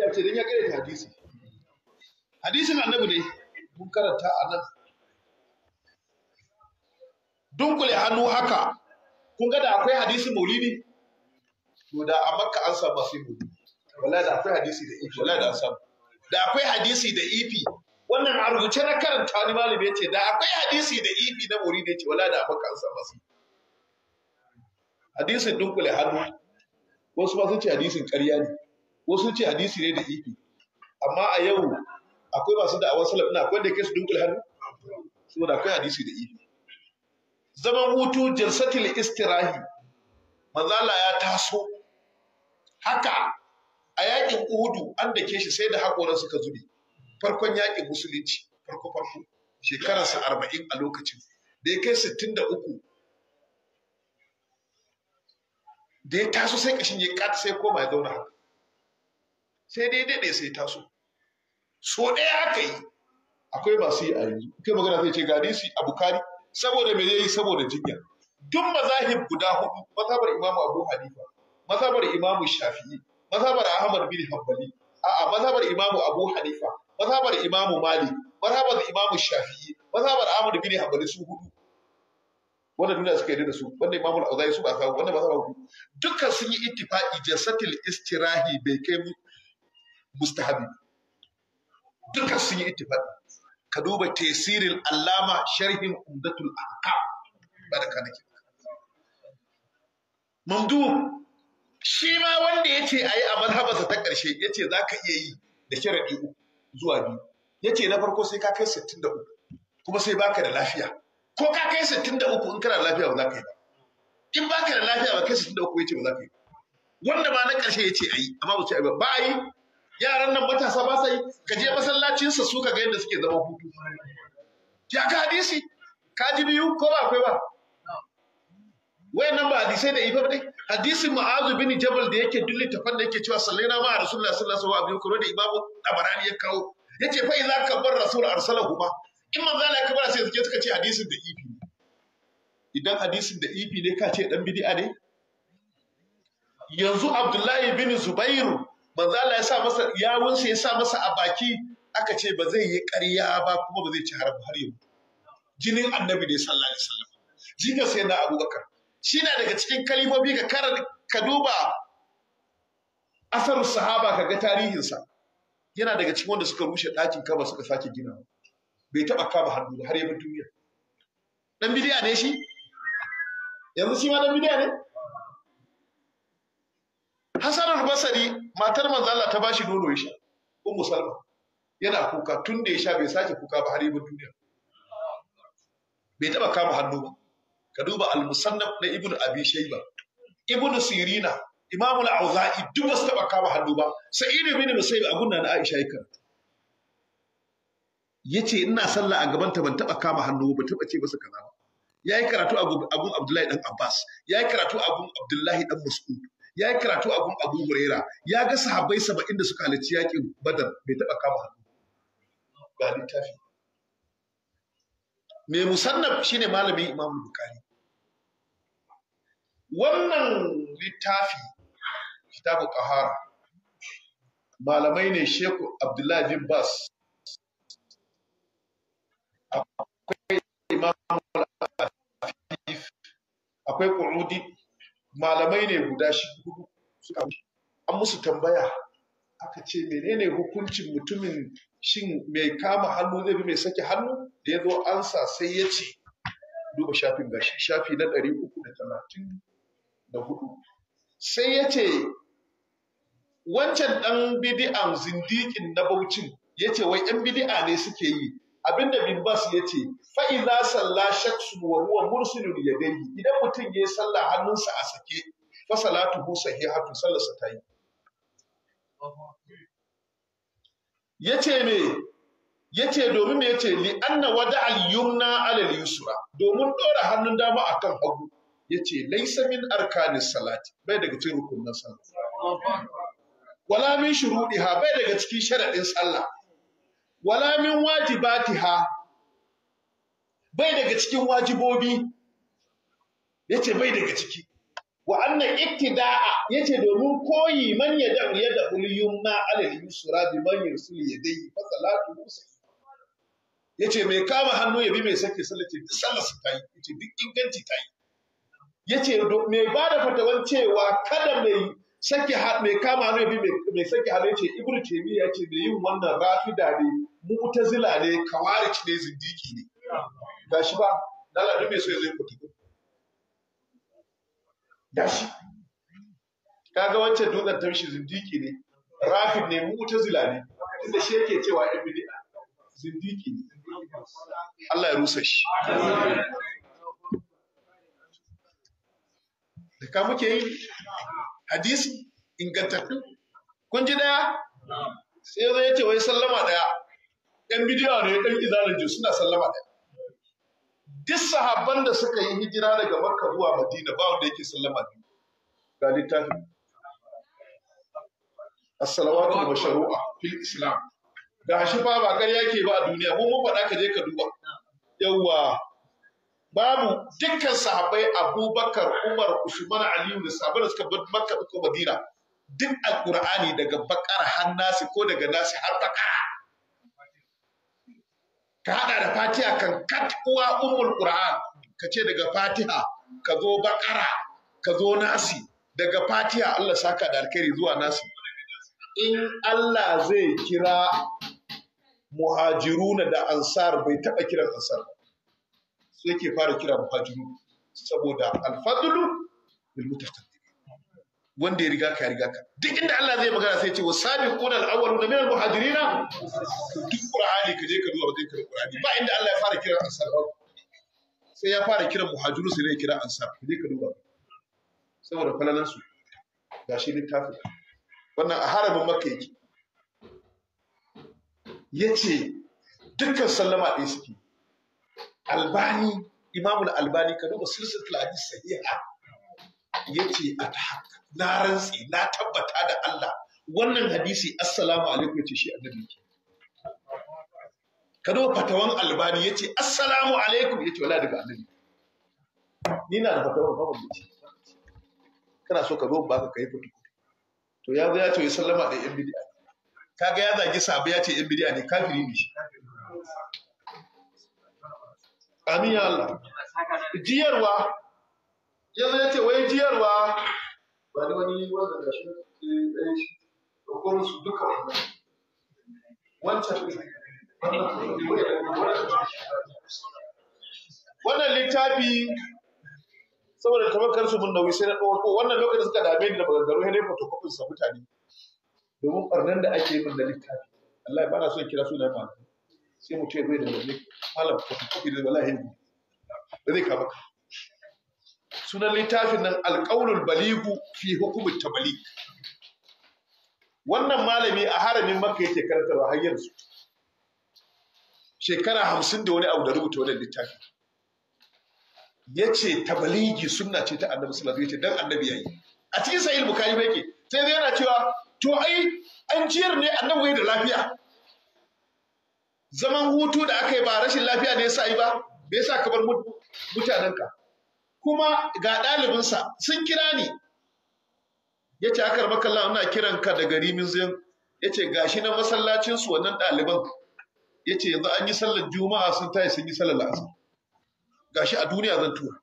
a ce don ya kare ta hadisi hadisin annabi ne mun karanta a nan dunkule hannu haka kun ga da akwai hadisi maulidi to da a makka an samu sai maulidi wallahi da akwai hadisi da ifi e wallahi da an samu da akwai hadisi da ifi e wannan a rubuce na karanta ni malami ce da akwai hadisi da ifi e na maulidi ne ce wallahi da a makka an samu sai hadisin dunkule hannu wasu ma sun ce hadisin ƙarya ne wasu ce hadisi ne da ifi amma a yau akwai masu da awon salaf na akwai da kai su dunkul hannu saboda akwai hadisi da ifi zaman hutu jalsatil istirahi manzala ya taso haka a yakin uhudu an da ke shi sai da hakoran suka zube farkon yakin musulunci farko farko shekararsa arba'in a lokacin da ya kai sittin da uku da ya taso sai kashin ya kata sai koma ya zauna haka sai dai daɗe sai taso so ɗaya aka yi akwai masu yi a yanzu kai magana zai ce gani su a bukari saboda me yi saboda jinya duk mazahib guda hudu mazhabar imamu abu hanifa mazhabar imamu shafi'i mazhabar ahmad bin hanbali a'a mazhabar imamu abu hanifa mazhabar imamu malik mazhabar imamu shafi'i mazhabar ahmad bin hanbali su hudu wanda duniya suka yi da su wanda imamu al-auzai su ba kawo wanda ba hudu dukkan sun yi ittifaqi jasatil istirahi bai kai mustahabi duka sun yi ittifaq ka duba tasirin allama sharhin umdatul ahkam baraka nake mamdu shi ma wanda ya ce a yi a ta ƙarshe ya ce za ka iya yi da sharadi uku zuwa biyu ya ce na farko sai ka kai sittin da uku kuma sai baka da lafiya ko ka kai sittin da uku in kana da lafiya ba za ka yi ba in baka da lafiya ba kai sittin da uku ya ce ba za ka yi ba wanda ba na ƙarshe ya ce a yi amma ba ce a yi ba ba a yi yaran nan matasa ba sa yi ka je masallacinsa su ka ga yadda suke zama hutu ya ka hadisi ka ji biyu ko ba akwai ba wayannan ba hadisai da ifa dai hadisin ma'azu bin jabal da yake dulli ta fanda yake cewa sallaina ma rasulullahi sallallahu alaihi wasallam da imamu tabarani ya kawo yace fa idza kabbar rasul arsalahu ba in manzo Allah ya kabara sai suke suka ce hadisin da ifi idan hadisin da ifi ne ka ce dan bid'a ne yanzu abdullahi bin zubairu manzo Allah ya sa masa yawunsa ya sa masa a baki aka ce ba zai yi ƙarya ba kuma ba zai ci har har yau jinin annabi ne sallallahu alaihi wasallam jika sai na abubakar shi na daga cikin kalifofi ka kar ka duba asarun sahaba ka ga tarihinsa yana daga cikin wanda suka rushe ɗakin kaba suka sake gina bai taba kaba hannu ba har yamin duniya dan bidiya ne shi yanzu shi ma dan bidiya ne hasarar basari matar manzala ta bashi nono ya sha ummu salma yana kuka tun da ya sha bai sake kuka ba har yi duniya bai taba kama hannu ba ka duba al-musannaf na ibnu abi shayba ibnu sirina imamul auza'i duk ba su taba kama hannu ba ibnu bin musayyib a gunna na aisha yake yace ina sallah a gaban ta ban taba kama hannu ba taba ce masa kaza ba yayi karatu a gun Abdullahi dan Abbas yayi karatu a gun Abdullahi dan Mas'ud ya yi karatu a gun Abu Huraira ya ga sahabbai saba'in da suka halarci yakin Badar bai taɓa kama hannu ga littafi mai musannaf shine malamin Imam bukari wannan littafi kitabu kahara malamai ne Sheku Abdullahi bin Bas akwai Imam akwai Qurudi malamai ne guda shi an musu tambaya aka ce menene hukuncin mutumin shin mai kama hannu zai bi mai sake hannu da ya zo ansa sai ya ce duba shafin gashi shafi na ɗari uku da talatin da hudu sai ya ce wancan ɗan bidi'an zindiƙin na baucin ya ce wai 'yan bidi'a ne suke yi abinda bin bas ya ce fa'iza salla shaksu wa huwa mursilun yadayhi idan mutum ya yi salla hannunsa a sake fa salatuhu sahihatu sallarsa ta yi yace me ce domin me ce li anna wada al yumna ala yusra domin dora hannun dama akan hagu yace laysa min arkanis salati bai daga cikin rukunin sallah wala min shuruɗiha bai daga cikin sharaɗin sallah wala min wajibatiha bai daga cikin wajibobi yace bai daga ciki wa annan iktida'a yace domin koyi man ya da ya da ma alal yusra bi man yusul yadayhi fa salatu yace mai kama hannu ya bi mai sake sallace duk sallar su tayi yace duk inganci tayi yace mai ba da fatawan cewa kada mai sake mai kama hannu ya bi mai sake hannu yace ibnu taymiya yace da yin wannan rafida ne mutazila ne kawarij ne zindiki ne shi ba dala duk mai so zai fita shi kaga wancan dukan tamshi zindiki ne rafid ne mutazila ne Inda shi yake cewa yan bid'a zindiki ne Allah ya rusa shi da ka muke yi hadisi ingantattu kun ji daya sai zai ce wai sallama daya yan bidiyo ne ɗan izalar jin suna sallama ɗaya duk sahabban da suka yi hijira daga makka zuwa madina ba wanda yake sallama biyu ga littafin as-salawatu masharu'a fil islam Da shi ba ba ƙarya ke ba a duniya mu mun faɗa ka je ka duba yawwa babu dukkan sahabbai abubakar umar usman aliyu da sahabbai da suka bar makka ko madina duk alqur'ani daga bakar har nasi ko daga nasi har bakara ka haɗa da fatiha kan kat uwa Umul qur'an ka ce daga fatiha ka zo bakara ka zo nasi daga fatiha Allah saka da alkhairi zuwa nasi in Allah zai kira muhajiruna da ansar bai taɓa kiran ansar sai yake fara kira muhajiru saboda alfadlu bil wanda ya riga ka ya riga ka duk inda Allah zai magana sai ce wa al-awwaluna min al-muhajirina duk Qur'ani ka je ka duba wajen kira Qur'ani ba inda Allah ya fara kira ansar ba sai ya fara kiran muhajiru sai ya kira ansar ka je ka duba saboda falalan su gashi littafin wannan a harabin Makka yake yace dukkan sallama ɗaya suke albani imamul albani ka duba silsilatul hadis sahiha yace a na rantsi na tabbata da Allah wannan hadisi assalamu alaikum ce shi annabi yake Kado fatawan albani ya ce assalamu alaikum ya ce wala daga annabi ni na da fatawan babu da ce kana so ka zo ba ka kai fito to ya zo ya ce ya sallama da yan Ta kaga ya zagi sabu ya ce yan bid'a ne kafiri ne amin ya Allah jiyarwa ya zo ya ce wai jiyarwa ba ni wani wanda da shi eh, ɗaya shi da duka wannan wancan wannan littafi saboda tabakar su mun nauyi sai na ɗauko wannan lokacin suka dame ni da maganganu sai dai fotokofin sa mutane domin ɓarnar da ake min da littafi Allah ba na son kira suna malam sai mutu ya bai da wani malam fotokofi da wallahi ne da zai kama sunan littafin nan alƙaulul baligu fi hukumin tabali wannan malami a haramin maka yake karantarwa har yanzu shekara hamsin da wani abu da rubuta wannan littafi ya ce tabaligi sunna ce ta annabi sallallahu alaihi ce dan annabi yayi a cikin sahih bukhari ba yake sai zai yana cewa to ai an jiyar ne annabi da lafiya zaman hutu da aka yi ba rashin lafiya ne yasa yi ba bai yasa ka bar ka. kuma ga ɗalibinsa sun kira ni ya ce akar makalla ana kiranka da gari min zai ya ce gashi na masallacinsu wannan ɗaliban ya ce yanzu an yi sallar juma'a sun tayi sun yi sallar la'asar gashi a duniya zan tura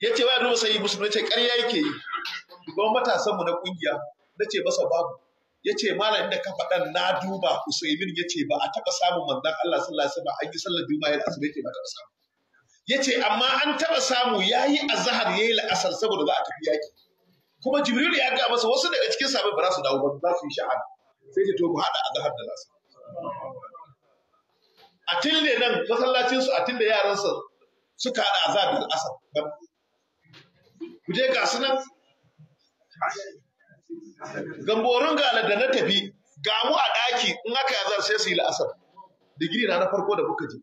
ya ce ba duba sai musulmi ce ƙarya yake yi duban matasanmu na kungiya na ce masa babu ya ce malam inda ka faɗan na duba usaimin ya ce ba a taɓa samun manzan Allah sallallahu alaihi wasallam an yi sallar juma'a ya asar yake ba taɓa samu ya ce amma an taɓa samu ya yi azahar ya yi la'asar saboda za a tafi yaƙi kuma Jibril ya ga masa wasu daga cikin sabai ba za su dawo ba za su yi sha'ani sai ce to mu haɗa azahar da la'asar a tilde nan masallacinsu a tilde yaransa suka haɗa a da asar ku je ga su nan gamborin gala da na tafi mu a ɗaki in aka azar sai su yi la'asar digiri na na farko da kuka ji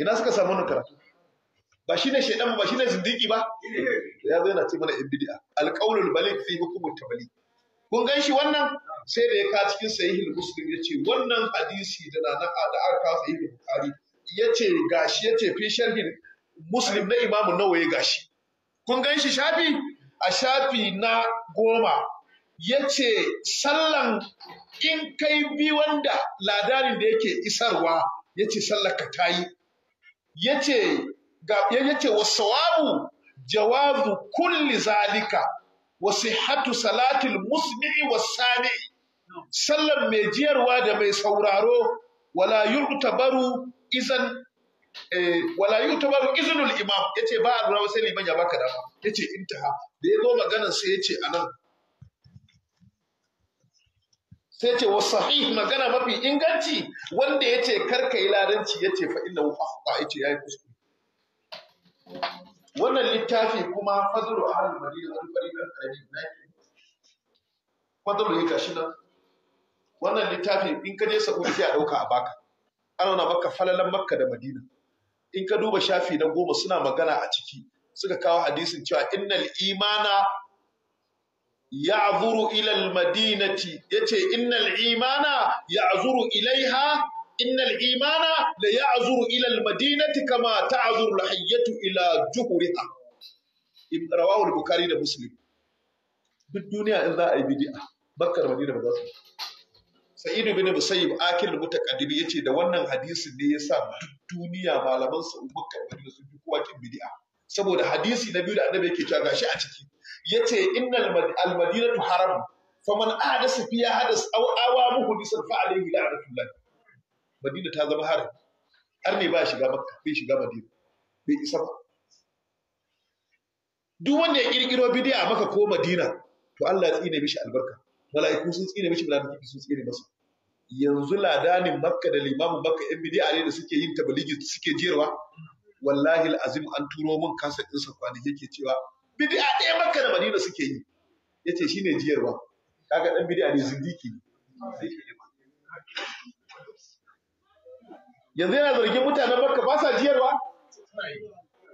ina suka samu na karatu ba shine shaidan ba shine zindiki ba ya zo yana ce mana ibdi'a alqaulul balik fi hukumut tabligh kun gan shi wannan sai da ya ka cikin sahihul muslim ya ce wannan hadisi da na da aka sahihul bukhari ya ce gashi ya ce fi sharhin muslim na Imam nawa ya gashi kun gan shi shafi a shafi na goma ya ce sallan in kai bi wanda ladarin da yake isarwa ya ce sallaka ta yi ya ce wasu jawabu kulli zalika wa sihhatu salatil musmi'i was sami'i sallan mai jiyarwa da mai sauraro wala yu'tabaru izan eh, wala yu'tabaru iznul imam yace ba a lura sai liman ya baka dama yace intaha da ya yazo maganar sai ya ce a nan, sai ce wasu sahih magana mafi inganci wanda ya ce karka yi ladanci ya ce fa'in da wufa ya ce ya yi kuskure wannan littafi kuma fadlu ahlul madina an fariqan qarib na fadlu ya gashi nan wannan littafi in ka je sa'udi sai a dauka a baka ana na baka falalan makka da madina in ka duba shafi na goma suna magana a ciki suka kawo hadisin cewa innal imana ya'zuru ila al-madinati yace innal imana ya'zuru ilaiha innal imana la ya'zuru ilal al-madinati kama ta'zuru al ila juhuriha rawahu bukhari da muslim duk duniya in za a yi bid'a bakkar madina ba za su sa'id ibn musayyib akil yace da wannan hadisin ne yasa duk duniya malaman su bakkar madina sun fi kowa kin saboda hadisi na biyu da annabi yake cewa shi a ciki yace innal al haram faman ahdasa fiha hadas aw awa muhdisa fa alayhi la'natullah madina ta zama harami har ne ba shiga makka bai shiga madina bai isa ba duk wanda ya kirkiro bidiya a maka ko madina to Allah ya tsine mishi albarka mala'iku sun tsine mishi mala'iku sun tsine masa yanzu ladanin makka da limamin makka yan bidiya ne da suke yin tabligi suke jerwa wallahi al'azim an turo min kasa ɗinsa kwanaki yake cewa bidiya ɗaya makka da madina suke yi yace shine jiyarwa kaga dan bidiya ne zindiki ne yanzu yana zargin mutanen makka ba sa jiyarwa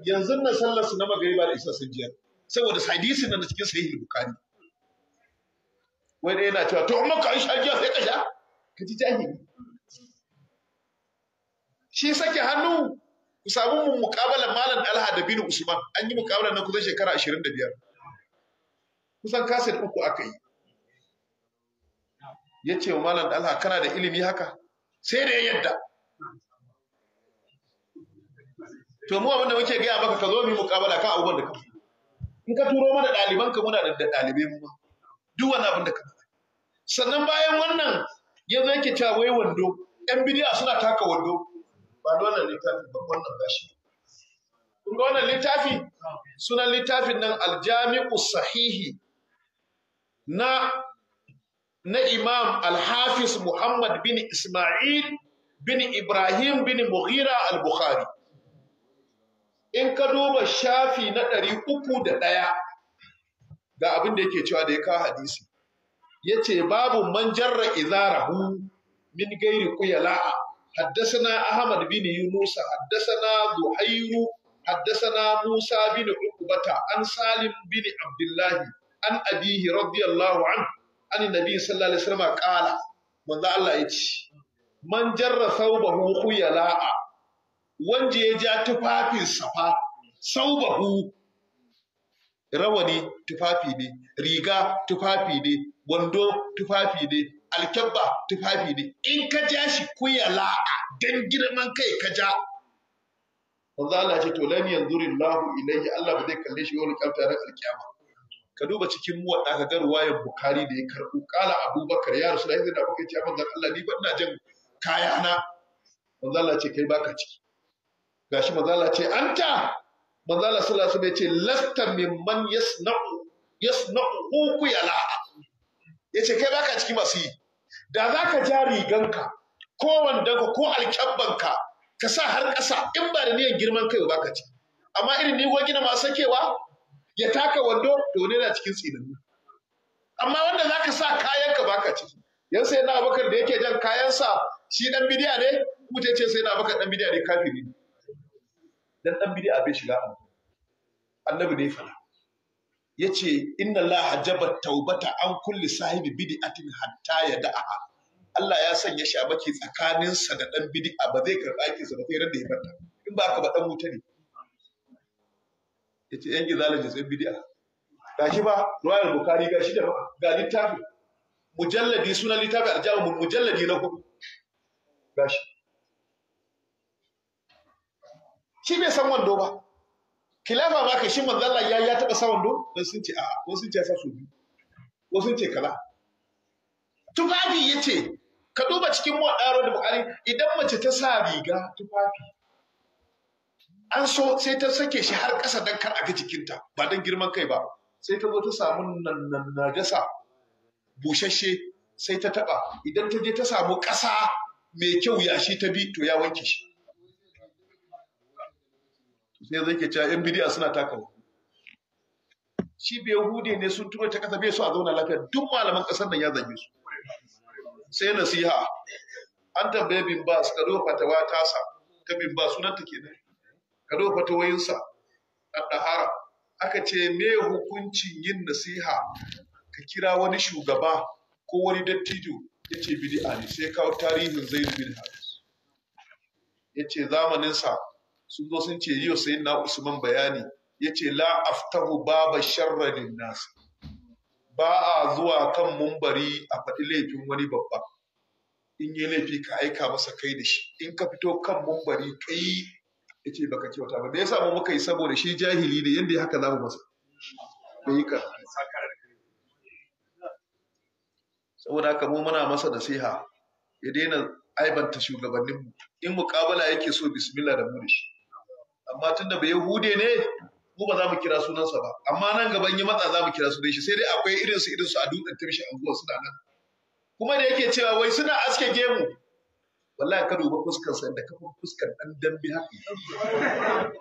yanzu na sallar su na magariba da isa sun jiyar saboda hadisin na cikin sahih bukhari wani yana cewa to maka an sha jiya sai ka sha ka ji jahili shi sake hannu ku samu mun muƙabalar malam Alha da binu Usman an yi muƙabalar na kusan shekara 25 kusan kaset uku aka yi ya ce wa malam Alha kana da ilimi haka sai da ya yadda to mu abinda muke gaya maka ka zo mu muƙabala kan abubuwan da kake in ka turo mana ɗaliban ka muna da ɗalibai mu ma duk wani abin da ka sannan bayan wannan ya zo yake cewa wai wando yan bidiya suna taka wando ba da wannan littafi ba wannan gashi kun ga wannan littafi sunan littafin nan aljami'u sahihi na na imam alhafiz muhammad bin isma'il bin ibrahim bin mughira al-bukhari in ka duba shafi na ɗari uku da ɗaya ga abin da yake cewa da ya kawo hadisi ya ce babu man jarra izarahu min gairi kuyala'a haddasana ahmad bin yunusa haddasana zuhairu haddasana musa bin ukubata an salim bin abdullahi an abihi radiyallahu an an nabi sallallahu alaihi wasallam qala manzo Allah ya ce man jarra thawbahu yala'a. wanda ya ja tufafin safa bahu rawani tufafi ne riga tufafi ne wando tufafi ne alkyabba tufafi ne in ka ja shi kuya la'a don girman kai ka ja wanzu Allah ce to lam yanzurin lahu ilayhi Allah ba zai kalle shi wani kyauta na alkyama ka duba cikin mu wanda ka ga ruwayan bukari da ya karɓo kala abubakar ya rasu da yanzu da abokai ce Allah ni ba ina jan kayana wanzu Allah ce kai baka ciki gashi manzala ce anta manzala sallallahu alaihi ce lasta mimman yasna'u yasna'u ku Ya yace kai baka cikin masu yi da zaka ja riganka ko wandanka ko alkyabbanka ka sa har ƙasa in ba da niyan girman kai baka ci amma irin ni gogi na masu sakewa ya taka wando to ne na cikin tsinanni amma wanda zaka sa kayan ka baka ci yan sai na abakar da yake jan kayansa shi dan bidiya ne kuma ce sai na abakar dan bidiya ne kafiri ne dan dan bid'a bai shiga annabi ne fara yace inna allaha hajaba taubata an kulli sahibi bid'atin hatta da'a. Allah ya sanya shabaki tsakanin sa da dan bid'a ba zai karba yake sa ba sai da ya barta in ba ka ba dan wuta ne yace yan gizalan jin bid'a gashi ba ruwayar bukari gashi da ga littafi mujalladi sunan littafi aljamu mujalladi na hudu gashi shi bai san wando ba kilafa ba kai shi manzo ya ya taba san wando dan sun ce a'a ko sun ce sa su biyu ko sun ce kala tufafi yace ka duba cikin mu mu'adaro da bukari idan mace ta sa riga tufafi an so sai ta sake shi har ƙasa don kar a ga jikinta ba don girman kai ba sai ta zo ta samu nan najasa sai ta taba idan ta je ta samu ƙasa mai kyau yashi ta bi to ya wanke shi sai zai ke cewa yan bidiya suna taka shi bai hude ne sun tura ta kasa bai so a zauna lafiya duk malaman kasar nan ya zange su sai nasiha an tambaye bin ba su kado fatawa tasa ta bin ba sunan ta kenan karo fatawoyinsa a dahara aka ce me hukuncin yin nasiha ka kira wani shugaba ko wani dattijo ya ce bid'a ne sai kawo tarihin zaid bin haris ya ce zamaninsa sun zo sun ce yiwa sai na usman bayani ya ce la aftahu baba sharrarin nasu ba a zuwa kan mumbari a faɗi laifin wani babba in yi laifi ka aika masa kai da shi in ka fito kan mumbari kai ya ce baka kyauta ba da ya samu muka yi saboda shi jahili da yadda ya haka za mu masa da yi ka saboda haka mu muna masa nasiha ya daina aibanta shugabanninmu in muƙabala yake so bismillah da mu da shi amma tunda bai Yahude ne mu ba za mu kira sunansa ba amma nan gaban yi matsa za mu kira sunan shi sai dai akwai irin su irin su a dutsen tumshi anguwa suna nan kuma da yake cewa wai suna aske gemu wallahi ka duba fuskar sa da kafin fuskar dan dambe haka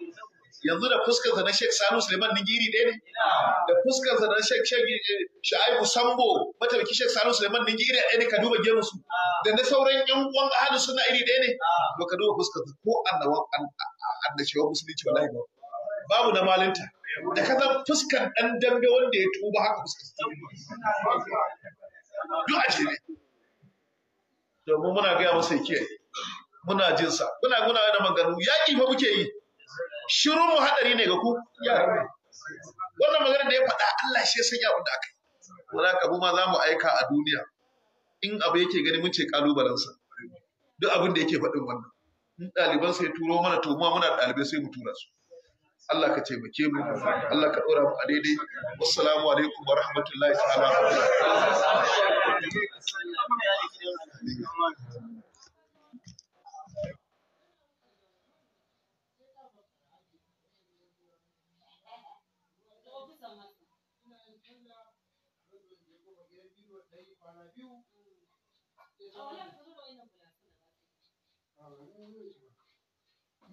yanzu da fuskar sa na Sheikh Sanu Suleiman Nigiri ɗaya ne da fuskar sa na Sheikh Sheikh eh, Shaibu Sambo mataimakin Sheikh Sanu Suleiman Nigiri ɗaya ne ka duba gemu su da na sauran yan uwan ahadu suna iri ɗaya ne to ka duba fuskar ko annawan annashewa musulunci wallahi ba babu na malinta da ka zan fuskan ɗan dambe wanda ya tuba haka fuskar duk a jere domin muna gaya masa ya kiyaye muna jin sa muna muna da maganganu yaƙi fa muke yi shiru mu hadari ne ga ku wannan magana da ya faɗa Allah shi ya sanya wanda aka yi wala ka ma za mu aika a duniya in abu yake gani mun ce kalubalensa duk abin da yake faɗin wannan in ɗaliban sai turo mana to ma muna ɗalibai sai mu tura su Allah ka taimake mu Allah ka ɗora mu a daidai assalamu alaikum wa rahmatullahi ta'ala Thank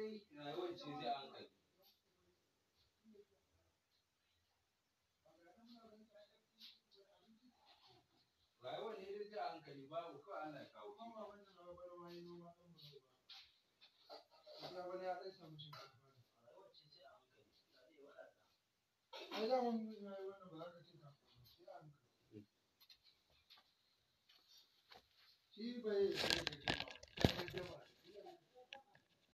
dai rayuwar ce sai rayuwar ne babu kawai ana kawo na babbar wani noma kan ba ya samu shi rayuwar ce ai yi ba za ka ka sai hmm. shi bai